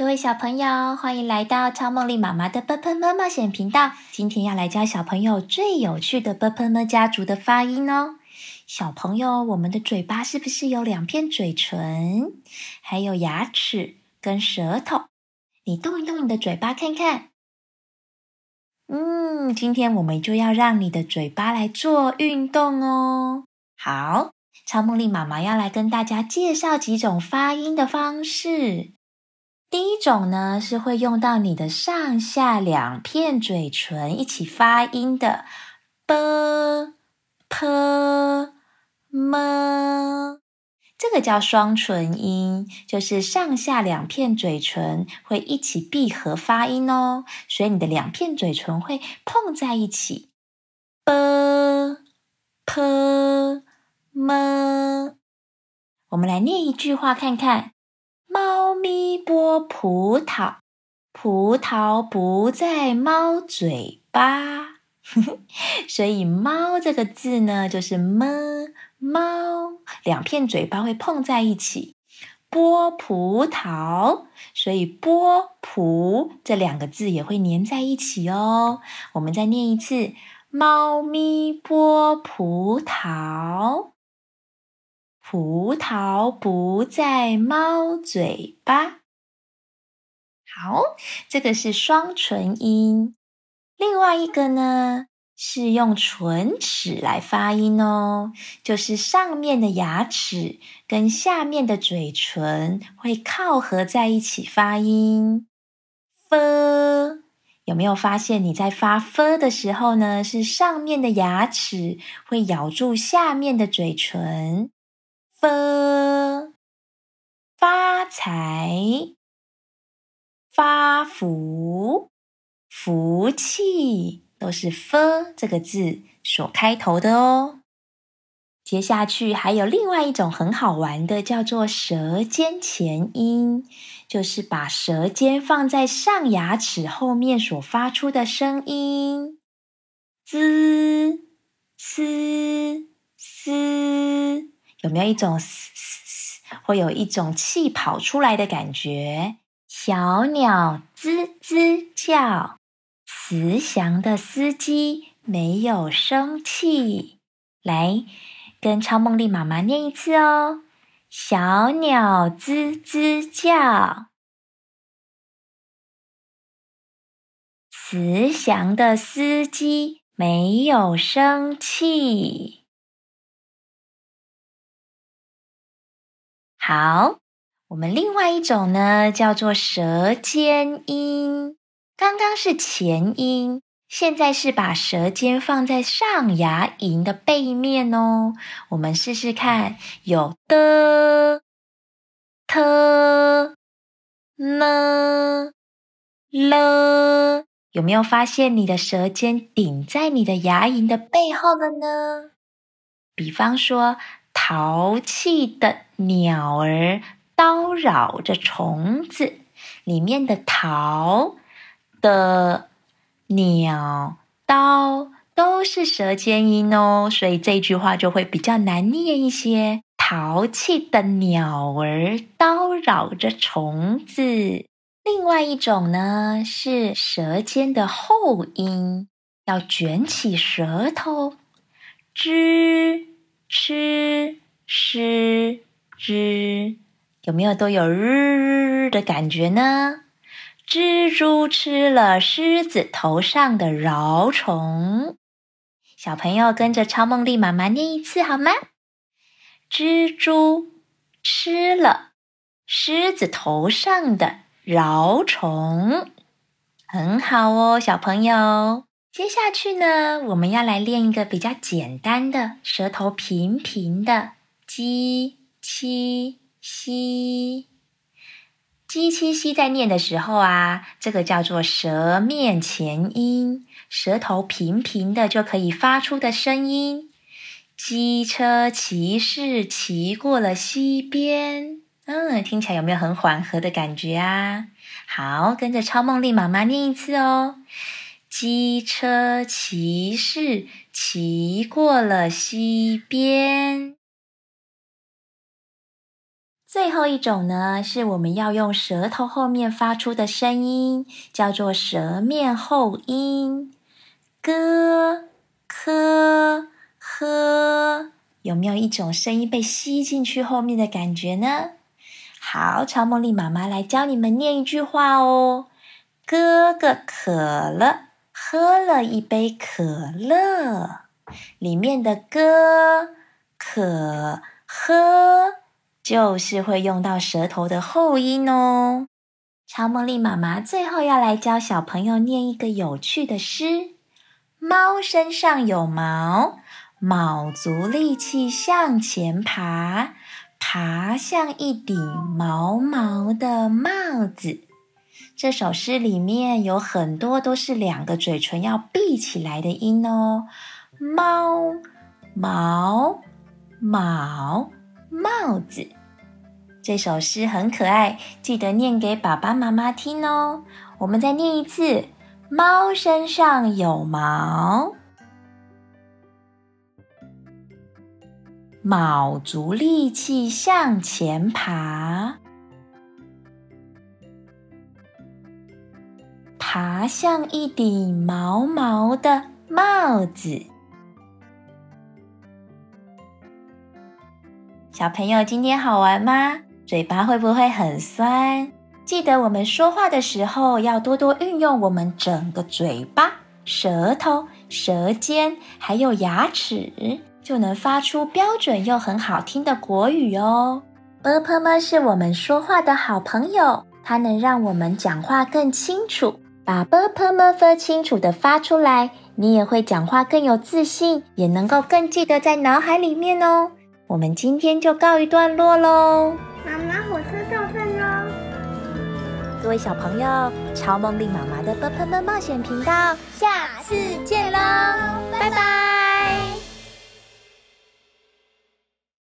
各位小朋友，歡迎來到超夢莉媽媽的 “ㄅㄆㄇ” 冒險頻道。今天要來教小朋友最有趣的 “ㄅㄆㄇ” 家族的發音哦。小朋友，我們的嘴巴是不是有兩片嘴唇，還有牙齒跟舌頭？你動一動你的嘴巴看看。嗯，今天我們就要讓你的嘴巴來做運動哦。好，超夢莉媽媽要來跟大家介紹幾種發音的方式。第一種呢，是會用到你的上下兩片嘴唇一起發音的，ㄅ ㄆ ㄇ，這個叫雙唇音，就是上下兩片嘴唇會一起閉合發音哦，所以你的兩片嘴唇會碰在一起，ㄅ ㄆ ㄇ。我們來念一句話看看。貓咪剝葡萄，葡萄不在貓嘴巴， 所以“貓”這個字呢，就是“麼”貓，兩片嘴巴會碰在一起，剝葡萄，所以“剝葡”這兩個字也會粘在一起哦。我們再念一次：貓咪剝葡萄。葡萄不在貓嘴巴。好，這個是雙唇音。另外一個呢，是用唇齒來發音哦，就是上面的牙齒跟下面的嘴唇會靠合在一起發音。f，有沒有發現你在發 f 的時候呢？是上面的牙齒會咬住下面的嘴唇。發、發財、發福、福氣，都是 “f” 這個字所開頭的哦。接下去還有另外一種很好玩的，叫做舌尖前音，就是把舌尖放在上牙齒後面所發出的聲音。滋 c、s。有沒有一種嘶嘶嘶，會有一種氣跑出來的感覺？小鳥吱吱叫，慈祥的司機沒有生氣。來，跟超夢莉媽媽念一次哦。小鳥吱吱叫，慈祥的司機沒有生氣。好，我們另外一種呢，叫做舌尖音。剛剛是前音，現在是把舌尖放在上牙齦的背面哦。我們試試看，有的、特、呢、了，有沒有發現你的舌尖頂在你的牙齦的背後了呢？比方說，淘氣的。鳥兒叨擾着蟲子，裡面的“淘”的“鳥”“叨”都是舌尖音哦，所以這句話就會比較難念一些。淘氣的鳥兒叨擾着蟲子。另外一種呢是舌尖的後音，要捲起舌頭，zh ch sh。知，有沒有都有日日日的感覺呢？蜘蛛吃了獅子頭上的蟯蟲，小朋友跟着超夢莉媽媽念一次好嗎？蜘蛛吃了獅子頭上的蟯蟲，很好哦，小朋友。接下去呢，我們要來練一個比較簡單的舌頭平平的雞。七西，雞七西，在念的時候啊，這個叫做舌面前音，舌頭平平的就可以發出的聲音。機車騎士騎過了溪邊。嗯，聽起來有沒有很緩和的感覺啊？好，跟着超夢莉媽媽念一次哦。機車騎士騎過了溪邊。最後一種呢，是我們要用舌頭後面發出的聲音，叫做舌面後音。哥、可、喝，有沒有一種聲音被吸進去後面的感覺呢？好，超夢莉媽媽來教你們念一句話哦：哥哥渴了，喝了一杯可樂。裡面的哥、可、喝。就是會用到舌頭的後音哦。超夢莉媽媽最後要來教小朋友念一個有趣的詩：貓身上有毛，卯足力氣向前爬，爬像一頂毛毛的帽子。這首詩裡面有很多都是兩個嘴唇要閉起來的音哦。貓毛毛帽子。這首詩很可愛，記得念給爸爸媽媽聽哦。我們再念一次：貓身上有毛，卯足力氣向前爬，爬像一頂毛毛的帽子。小朋友，今天好玩嗎？嘴巴會不會很酸？記得我們說話的時候要多多運用我們整個嘴巴、舌頭、舌尖，還有牙齒，就能發出標準又很好聽的國語哦。ㄅㄆㄇ 是我們說話的好朋友，它能讓我們講話更清楚。把 ㄅㄆㄇ 分清楚地發出來，你也會講話更有自信，也能夠更記得在腦海裡面哦。我們今天就告一段落嘍。媽媽，火車到站嘍！各位小朋友，超夢莉媽媽的《ㄅㄆㄇ 冒險》頻道，下次見嘍，拜拜！拜拜拜拜。